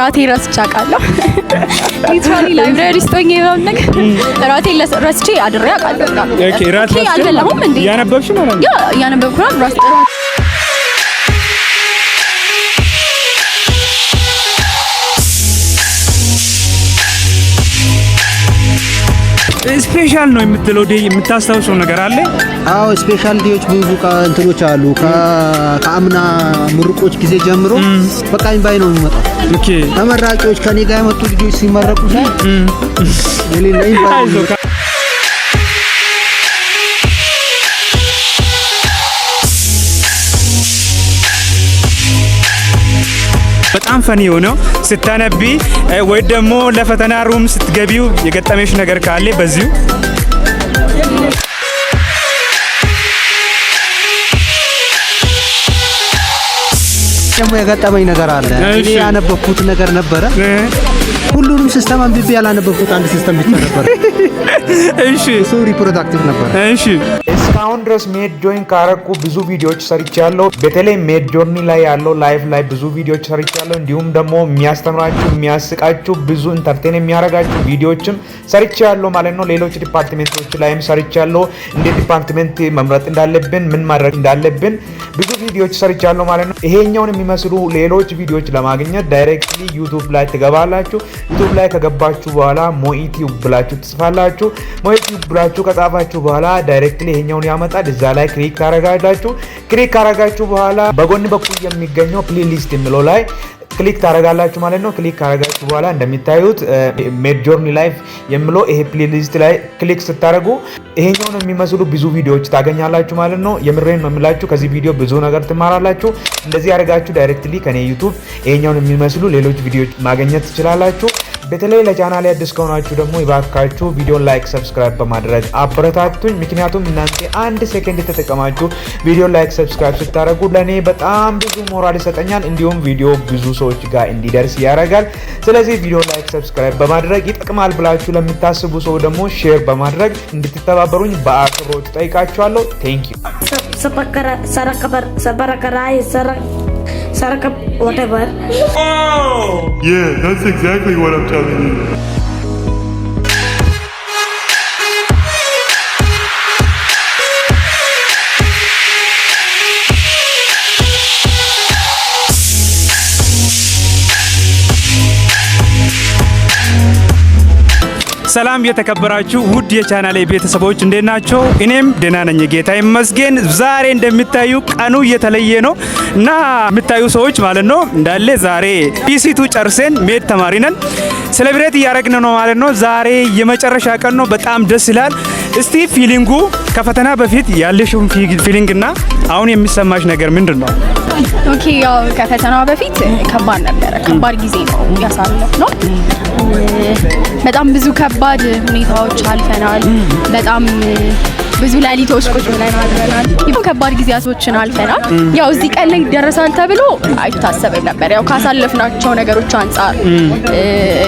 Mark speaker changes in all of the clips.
Speaker 1: ራቴ ረስቼ አውቃለሁ። ሊትራሊ ላይብራሪ ስቶኝ የበም ነገር እራቴን ረስቼ አድሬ አውቃለሁ። ኦኬ ራቴ እንዴ?
Speaker 2: ያነበብሽ ማለት ነው?
Speaker 1: ያ ያነበብኩ ራት
Speaker 2: ስፔሻል ነው የምትለው ዴይ የምታስታውሰው ነገር አለ?
Speaker 3: አዎ ስፔሻል ዴዎች ብዙ እንትኖች አሉ። ከአምና ምርቆች ጊዜ ጀምሮ በቃ ባይ ነው የሚመጣው። ኦኬ ተመራቂዎች ከኔ ጋር የመጡ ልጆች ሲመረቁ ሳይ ባይ ነው።
Speaker 2: በጣም ፈኒ የሆነው ስታነቢ ወይ ደግሞ ለፈተና ሩም ስትገቢው የገጠመሽ ነገር ካለ በዚሁ
Speaker 3: ደግሞ የገጠመኝ ነገር አለ። እኔ ያነበብኩት ነገር ነበረ። ሁሉንም ሲስተም አንብቤ ያላነበብኩት አንድ ሲስተም ብቻ ነበረ።
Speaker 2: እሺ፣ እሱ
Speaker 3: ሪፕሮዳክቲቭ ነበረ።
Speaker 2: እሺ እስካሁን ድረስ ሜድ ጆይን ካረኩ ብዙ ቪዲዮዎች ሰርቻለሁ። በተለይ ሜድ ጆርኒ ላይ ያለው ላይፍ ላይ ብዙ ቪዲዮዎች ሰርቻለሁ። እንዲሁም ደግሞ የሚያስተምራችሁ የሚያስቃችሁ፣ ብዙ ኢንተርቴን የሚያደርጋችሁ ቪዲዮዎችም ሰርቻለሁ ማለት ነው። ሌሎች ዲፓርትሜንቶች ላይም ሰርቻለሁ። እንደ ዲፓርትሜንት መምረጥ እንዳለብን፣ ምን ማድረግ እንዳለብን ብዙ ቪዲዮዎች ሰርቻለሁ ማለት ነው። ይሄኛውን የሚመስሉ ሌሎች ቪዲዮዎች ለማግኘት ዳይሬክትሊ ዩቱብ ላይ ትገባላችሁ። ዩቱብ ላይ ከገባችሁ በኋላ ሞኢቲዩብ ብላችሁ ትጽፋላችሁ። ሞኢቲዩብ ብላችሁ ከጻፋችሁ በኋላ ዳይሬክትሊ ይሄኛውን ያመጣል። እዛ ላይ ክሊክ ታረጋላችሁ። ክሊክ ካረጋችሁ በኋላ በጎን በኩል የሚገኘው ፕሌሊስት የሚለው ላይ ክሊክ ታረጋላችሁ ማለት ነው። ክሊክ ካረጋችሁ በኋላ እንደሚታዩት ሜድ ጆርኒ ላይፍ የሚለው ይሄ ፕሌሊስት ላይ ክሊክ ስታደረጉ ይሄኛውን የሚመስሉ ብዙ ቪዲዮዎች ታገኛላችሁ ማለት ነው። የምሬን መምላችሁ ከዚህ ቪዲዮ ብዙ ነገር ትማራላችሁ። እንደዚህ ያደርጋችሁ ዳይሬክትሊ ከኔ ዩቱብ ይሄኛውን የሚመስሉ ሌሎች ቪዲዮዎች ማግኘት ትችላላችሁ። በተለይ ለቻናል አዲስ ከሆናችሁ ደግሞ ይባካችሁ ቪዲዮን ላይክ፣ ሰብስክራይብ በማድረግ አበረታቱኝ። ምክንያቱም እናንተ አንድ ሴኮንድ ተጠቀማችሁ ቪዲዮ ላይክ፣ ሰብስክራይብ ስታደርጉ ለእኔ በጣም ብዙ ሞራል ይሰጠኛል፣ እንዲሁም ቪዲዮ ብዙ ሰዎች ጋር እንዲደርስ ያደርጋል። ስለዚህ ቪዲዮ ላይክ፣ ሰብስክራይብ በማድረግ ይጠቅማል ብላችሁ ለምታስቡ ሰው ደግሞ ሼር በማድረግ እንድትተባበሩኝ በአክብሮት ጠይቃችኋለሁ። ቴንክ ዩ
Speaker 1: Sarkap, whatever. Oh! Yeah, that's exactly what I'm telling you.
Speaker 2: ሰላም የተከበራችሁ ውድ የቻናሌ ቤተሰቦች እንዴት ናቸው? እኔም ደህና ነኝ፣ ጌታ ይመስገን። ዛሬ እንደሚታዩ ቀኑ እየተለየ ነው እና የምታዩ ሰዎች ማለት ነው እንዳለ ዛሬ ፒሲቱ ጨርሰን ሜድ ተማሪ ነን ሴሌብሬት እያደረግን ነው ማለት ነው። ዛሬ የመጨረሻ ቀን ነው። በጣም ደስ ይላል። እስቲ ፊሊንጉ ከፈተና በፊት ያለሽውን ፊሊንግ እና አሁን የሚሰማሽ ነገር ምንድን ነው?
Speaker 1: ኦኬ ያው ከፈተናው በፊት ከባድ ነበረ። ከባድ ጊዜ ነው ያሳለፍ ነው። በጣም ብዙ ከባድ ሁኔታዎች አልፈናል። በጣም ብዙ ሌሊቶች ቁጭ ብለን አድረናል። ከባድ ጊዜያቶችን አልፈናል። ያው እዚህ ቀን ላይ ይደረሳል ተብሎ አይታሰብም ነበር። ያው ካሳለፍናቸው ነገሮች አንጻር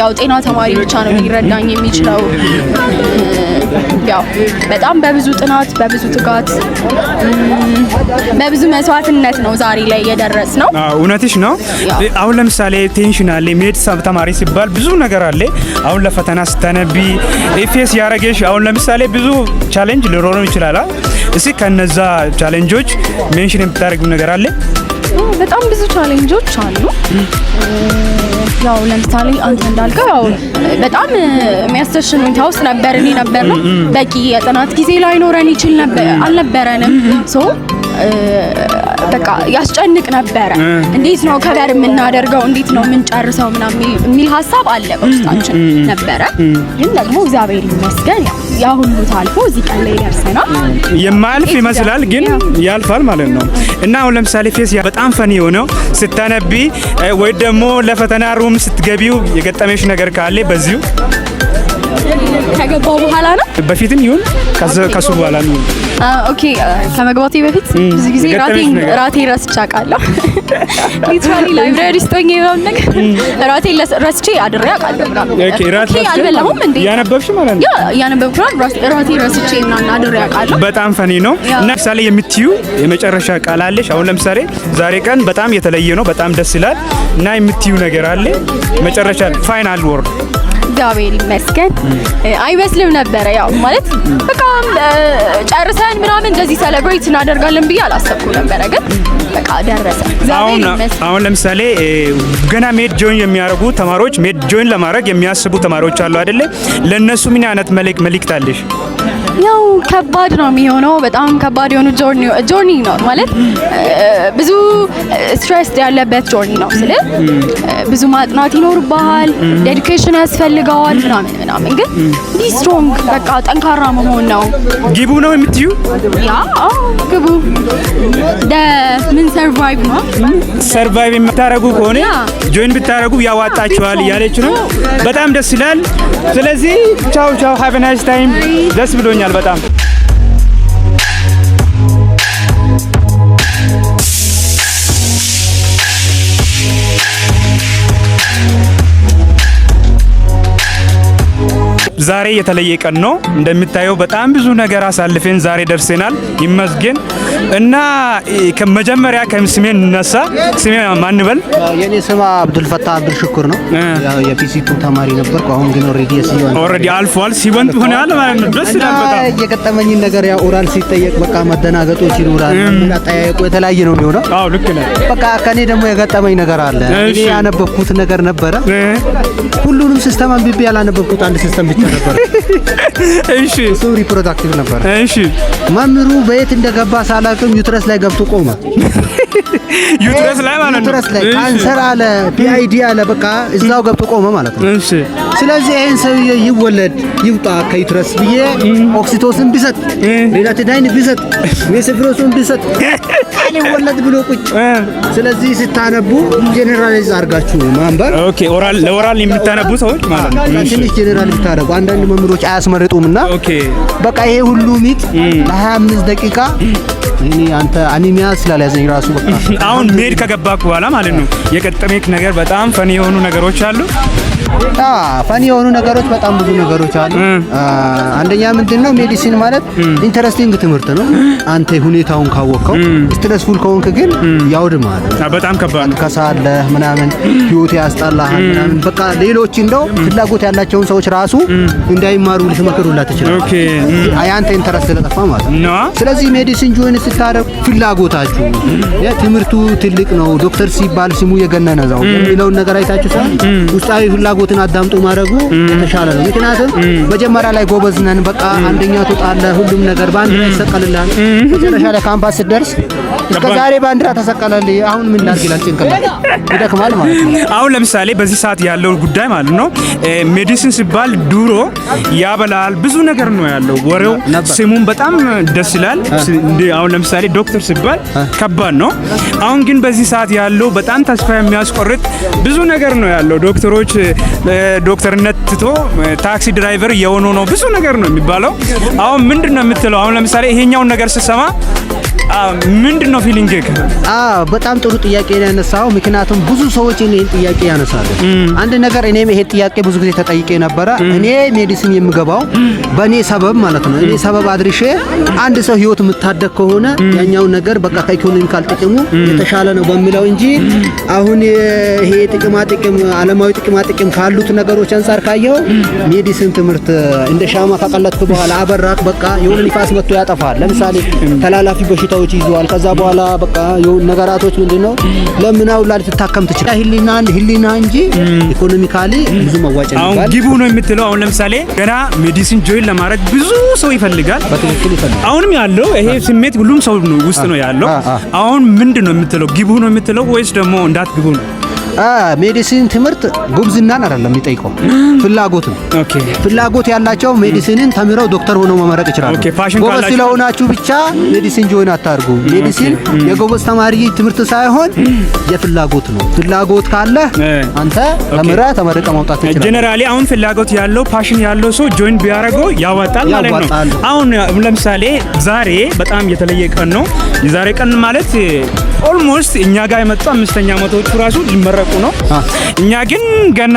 Speaker 1: ያው ጤና ተማሪ ብቻ ነው ሊረዳኝ የሚችለው። ያው በጣም በብዙ ጥናት በብዙ ትጋት በብዙ መስዋዕትነት ነው ዛሬ ላይ እየደረስ ነው።
Speaker 2: እውነትሽ ነው። አሁን ለምሳሌ ቴንሽን አለ፣ ሜድ ሳብ ተማሪ ሲባል ብዙ ነገር አለ። አሁን ለፈተና ስተነቢ ኤፌስ ያረገሽ አሁን ለምሳሌ ብዙ ቻሌንጅ ሊኖረው ይችላል። እስ ከነዛ ቻሌንጆች ሜንሽን የምታደርጊው ነገር አለ?
Speaker 1: በጣም ብዙ ቻሌንጆች አሉ። ያው ለምሳሌ አንተ እንዳልከው ያው በጣም የሚያስተሽን ሁኔታ ውስጥ ነበር እኔ ነበር ነው በቂ የጥናት ጊዜ ላይኖረን ይችል ነበር አልነበረንም ሶ በቃ ያስጨንቅ ነበረ። እንዴት ነው ከበር የምናደርገው እንዴት ነው የምንጨርሰው ምናምን የሚል ሀሳብ አለ በውስጣችን ነበረ። ግን ደግሞ እግዚአብሔር ይመስገን ያ ሁሉ ታልፎ እዚህ ቀን ላይ ደርሰናል።
Speaker 2: የማያልፍ ይመስላል ግን ያልፋል ማለት ነው እና አሁን ለምሳሌ ፌስ በጣም ፈኒ የሆነው ስታነቢ ወይ ደግሞ ለፈተና ሩም ስትገቢው የገጠመሽ ነገር ካለ በዚሁ
Speaker 1: ከገባው በኋላ ነው።
Speaker 2: በፊትም ይሁን ከሱ በኋላ ነው።
Speaker 1: ኦኬ ከመግባቴ በፊት ብዙ ጊዜ ራቴን ራቴን ረስቼ አውቃለሁ። ሊትራሊ ላይብራሪ ውስጥ ሆኜ ምናምን ነገር ራቴን ረስቼ አድሬ አውቃለሁ። ኦኬ ራት አልበላሁም እንዴ?
Speaker 2: ያነበብሽ ማለት
Speaker 1: ነው? ያ ያነበብኩ ራቴን ረስቼ ምናምን አድሬ አውቃለሁ።
Speaker 2: በጣም ፈኒ ነው። እና ምሳሌ የምትዩ የመጨረሻ ቃል አለሽ? አሁን ለምሳሌ ዛሬ ቀን በጣም የተለየ ነው፣ በጣም ደስ ይላል እና የምትዩ ነገር አለ መጨረሻ ፋይናል ወርድ
Speaker 1: እግዚአብሔር ይመስገን አይመስልም ነበረ። ያው ማለት በቃ ጨርሰን ምናምን እንደዚህ ሴሌብሬት እናደርጋለን ብዬ አላሰብኩም ነበረ፣ ግን በቃ ደረሰ።
Speaker 2: አሁን ለምሳሌ ገና ሜድ ጆይን የሚያደርጉ ተማሪዎች ሜድ ጆይን ለማድረግ የሚያስቡ ተማሪዎች አሉ አይደለ? ለእነሱ ምን አይነት መልእክት አለሽ?
Speaker 1: ያው ከባድ ነው የሚሆነው። በጣም ከባድ የሆኑ ጆርኒ ጆርኒ ነው ማለት ብዙ ስትሬስ ያለበት ጆርኒ ነው ስለ ብዙ ማጥናት ይኖርብሃል፣ ዴዲኬሽን ያስፈልገዋል ምናምን ምናምን። ግን ቢ ስትሮንግ በቃ ጠንካራ መሆን ነው።
Speaker 2: ግቡ ነው የምትዩ
Speaker 1: ያ ግቡ ደ ምን ሰርቫይቭ ነው
Speaker 2: ሰርቫይቭ የምታረጉ ከሆነ ጆይን ብታረጉ ያዋጣችኋል እያለች ነው። በጣም ደስ ይላል። ስለዚህ ቻው ቻው፣ ሃቭ ናይስ ታይም። ደስ ብሎኛል። ይገኛል በጣም ዛሬ የተለየ ቀን ነው። እንደሚታየው በጣም ብዙ ነገር አሳልፈን ዛሬ ደርሰናል። ይመስገን እና ከመጀመሪያ ከስሜ እነሳ ስሜ ማን በል?
Speaker 3: የኔ ስም አብዱልፈታ አብዱል ሽኩር ነው። ያው ተማሪ ነበርኩ። አሁን ግን ኦሬዲ ሲሆን
Speaker 2: ኦሬዲ አልፏል ሲሆን ሆናል ማለት ነው። ደስ
Speaker 3: ይላል። የገጠመኝ ነገር ያው ኦራል ሲጠየቅ በቃ መደናገጦች ይኖራል። አጠያየቁ የተለያየ ነው የሚሆነው። አዎ ልክ ነህ። በቃ ከኔ ደግሞ የገጠመኝ ነገር አለ። እኔ ያነበብኩት ነገር ነበረ። ሁሉንም ሲስተም አንብቤ ያላነበብኩት አንድ ሲስተም ብቻ ነበር። እሺ እሱ ሪፕሮዳክቲቭ ነበር። እሺ መምህሩ በየት እንደገባ ሳላቅም ዩትረስ ላይ ገብቶ ቆመ።
Speaker 2: ዩትረስ ላይ ማለት ነው።
Speaker 3: ዩትረስ ላይ ካንሰር አለ፣ ፒአይዲ አለ፣ በቃ እዛው ገብቶ ቆመ ማለት ነው። እሺ ስለዚህ ይሄን ሰውዬ ይወለድ ይውጣ ከዩትረስ ብዬ ኦክሲቶሲን ቢሰጥ፣ ሪላቲዳይን ቢሰጥ፣ ሜስፍሮሱን ቢሰጥ ወለድ ብሎ ቁጭ። ስለዚህ ስታነቡ ጄኔራላይዝ አድርጋችሁ ማንበር
Speaker 2: ኦኬ። ኦራል ለኦራል የምታነቡ ሰዎች ማለት ነው።
Speaker 3: ትንሽ ጄኔራል ብታደርጉ አንዳንድ መምህሮች አያስመርጡም እና በቃ ይሄ ሁሉ ሚት ለ25 ደቂቃ እኔ አንተ አኒሚያ ስላልያዘኝ ራሱ በቃ
Speaker 2: አሁን ሜድ ከገባክ በኋላ ማለት ነው የቀጠሜክ ነገር በጣም ፈኒ የሆኑ ነገሮች አሉ።
Speaker 3: ፈኒ የሆኑ ነገሮች በጣም ብዙ ነገሮች አሉ። አንደኛ ምንድን ነው ሜዲሲን ማለት ኢንተረስቲንግ ትምህርት ነው። አንተ ሁኔታውን ካወቅከው፣ ስትረስፉል ከሆንክ ግን ያውድማል። በጣም ከባድ ከሳለህ ምናምን ህይወት ያስጠላሃል ምናምን። በቃ ሌሎች እንደው ፍላጎት ያላቸውን ሰዎች ራሱ እንዳይማሩ ልትመክሩላ ትችላል። ያንተ ኢንተረስት ስለጠፋ ማለት ነው። ስለዚህ ሜዲሲን ጆይን ስታደርግ ፍላጎታችሁ ትምህርቱ ትልቅ ነው ዶክተር ሲባል ስሙ የገነነ ነው የሚለውን ነገር አይታችሁ ውስጣዊ ፍላ ፍላጎትን አዳምጦ ማድረጉ የተሻለ ነው። ምክንያቱም መጀመሪያ ላይ ጎበዝ ነን፣ በቃ አንደኛ ጣለ ሁሉም ነገር ባንዲራ ይሰቀልልሃል። መጨረሻ ላይ ካምፓስ ስትደርስ እስከ ዛሬ ባንዲራ ተሰቀለልህ፣ አሁን ምን ላድርግ ይላል ጭንቅላት፣ ይደክማል ማለት ነው።
Speaker 2: አሁን ለምሳሌ በዚህ ሰዓት ያለው ጉዳይ ማለት ነው ሜዲሲን ሲባል ድሮ ያበላል ብዙ ነገር ነው ያለው ወሬው፣ ስሙም በጣም ደስ ይላል። አሁን ለምሳሌ ዶክተር ሲባል ከባድ ነው። አሁን ግን በዚህ ሰዓት ያለው በጣም ተስፋ የሚያስቆርጥ ብዙ ነገር ነው ያለው ዶክተሮች ዶክተርነት ትቶ ታክሲ ድራይቨር የሆኑ ነው። ብዙ ነገር ነው የሚባለው። አሁን ምንድን ነው የምትለው? አሁን ለምሳሌ ይሄኛውን ነገር ስትሰማ ምንድን ነው ፊሊንግ?
Speaker 3: በጣም ጥሩ ጥያቄ ነው ያነሳው። ምክንያቱም ብዙ ሰዎች ይህን ጥያቄ ያነሳሉ። አንድ ነገር እኔም ይሄ ጥያቄ ብዙ ጊዜ ተጠይቄ ነበረ። እኔ ሜዲሲን የምገባው በእኔ ሰበብ ማለት ነው። እኔ ሰበብ አድርሼ አንድ ሰው ህይወት የምታደግ ከሆነ ያኛውን ነገር በቃ ከኢኮኖሚካል ጥቅሙ የተሻለ ነው በሚለው እንጂ አሁን ይሄ ጥቅማ ጥቅም አለማዊ ጥቅማ ጥቅም ካሉት ነገሮች አንጻር ካየው ሜዲሲን ትምህርት እንደ ሻማ ከቀለጥክ በኋላ አበራክ፣ በቃ የሆነ ንፋስ መጥቶ ያጠፋል። ለምሳሌ ተላላፊ በሽታዎች ይዘዋል። ከዛ በኋላ በቃ የሆነ ነገራቶች ምንድነው ለምን ላይ ትታከም ትችላለህ። ህሊና ህሊና እንጂ ኢኮኖሚካሊ ብዙ መዋጫ
Speaker 2: ነው። አሁን ግቡ ነው የምትለው። አሁን ለምሳሌ ገና ሜዲሲን ጆይን ለማድረግ ብዙ ሰው ይፈልጋል፣ በትክክል ይፈልጋል። አሁንም ያለው ይሄ ስሜት ሁሉም ሰው ውስጥ ነው ያለው። አሁን ምንድን ነው የምትለው? ግቡ ነው የምትለው ወይስ ደግሞ እንዳት ግቡ ነው
Speaker 3: ሜዲሲን ትምህርት ጉብዝናን አይደለም የሚጠይቀው፣ ፍላጎት ነው። ፍላጎት ያላቸው ሜዲሲንን ተምረው ዶክተር ሆነው መመረቅ ይችላሉ። ጎበዝ ስለሆናችሁ ብቻ ሜዲሲን ጆይን አታርጉ። ሜዲሲን የጎበዝ ተማሪ ትምህርት ሳይሆን የፍላጎት ነው። ፍላጎት ካለ አንተ ተምረህ ተመርቀህ ማውጣት ትችላለህ።
Speaker 2: ጀነራሊ አሁን ፍላጎት ያለው ፓሽን ያለው ሰው ጆይን ቢያደርገው ያዋጣል ማለት ነው። አሁን ለምሳሌ ዛሬ በጣም የተለየ ቀን ነው። የዛሬ ቀን ማለት ኦልሞስት እኛ ጋር የመጡ አምስተኛ መቶዎቹ ራሱ ሊመረቁ ነው። እኛ ግን ገና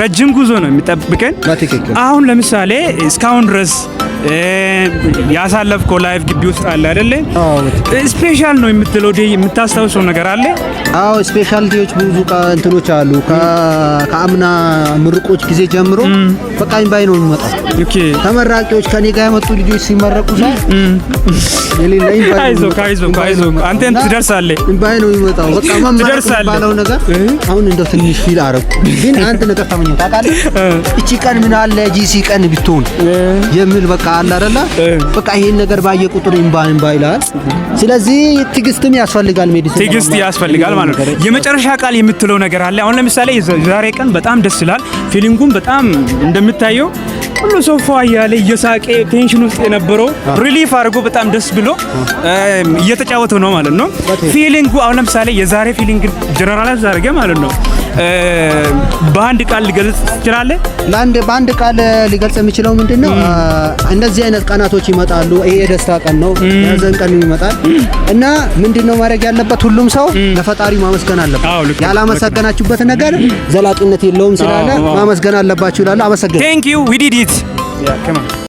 Speaker 2: ረጅም ጉዞ ነው የሚጠብቀን። አሁን ለምሳሌ እስካሁን ድረስ ያሳለፍኮ ላይፍ ግቢ ውስጥ አለ አይደለ? ስፔሻል ነው የምትለው ዴይ የምታስታውሰው ነገር አለ?
Speaker 3: አዎ ስፔሻልቲዎች ብዙ እንትኖች አሉ። ከአምና ምርቆች ጊዜ ጀምሮ በቃኝ ባይ ነው የሚመጣ ተመራቂዎች ከኔ ጋር የመጡ ልጆች ሲመረቁ
Speaker 2: አንተን ትደርሳለህ
Speaker 3: ባይ ነው የሚመጣው። በቃ ነገር አሁን እንደው ትንሽ ፊል ግን አንድ ነገር ታውቃለህ? እቺ ቀን ምን አለ ጂሲ ቀን ብትሆን የሚል በቃ ካለ አይደለ? በቃ ይሄን ነገር ባየ ቁጥር እምባ እምባ ይላል። ስለዚህ ትግስትም ያስፈልጋል፣ ሜዲሲን
Speaker 2: ትግስት ያስፈልጋል ማለት ነው። የመጨረሻ ቃል የምትለው ነገር አለ? አሁን ለምሳሌ ዛሬ ቀን በጣም ደስ ይላል፣ ፊሊንጉም በጣም እንደምታየው ሁሉ ሰው ፏ እያለ እየሳቀ ቴንሽን ውስጥ የነበረው ሪሊፍ አድርጎ በጣም ደስ ብሎ እየተጫወተ ነው ማለት ነው። ፊሊንጉ አሁን ለምሳሌ የዛሬ ፊሊንግ ጀነራላይዝ አድርገህ ማለት ነው በአንድ ቃል ሊገልጽ ትችላለህ?
Speaker 3: በአንድ ቃል ሊገልጽ የሚችለው ምንድን ነው? እንደዚህ አይነት ቀናቶች ይመጣሉ። ይሄ የደስታ ቀን ነው፣ የሀዘን ቀን ይመጣል እና ምንድን ነው ማድረግ ያለበት? ሁሉም ሰው ለፈጣሪ ማመስገን አለበት። ያላመሰገናችሁበት ነገር ዘላቂነት የለውም ስላለ ማመስገን አለባችሁ ይላሉ።
Speaker 2: አመሰግን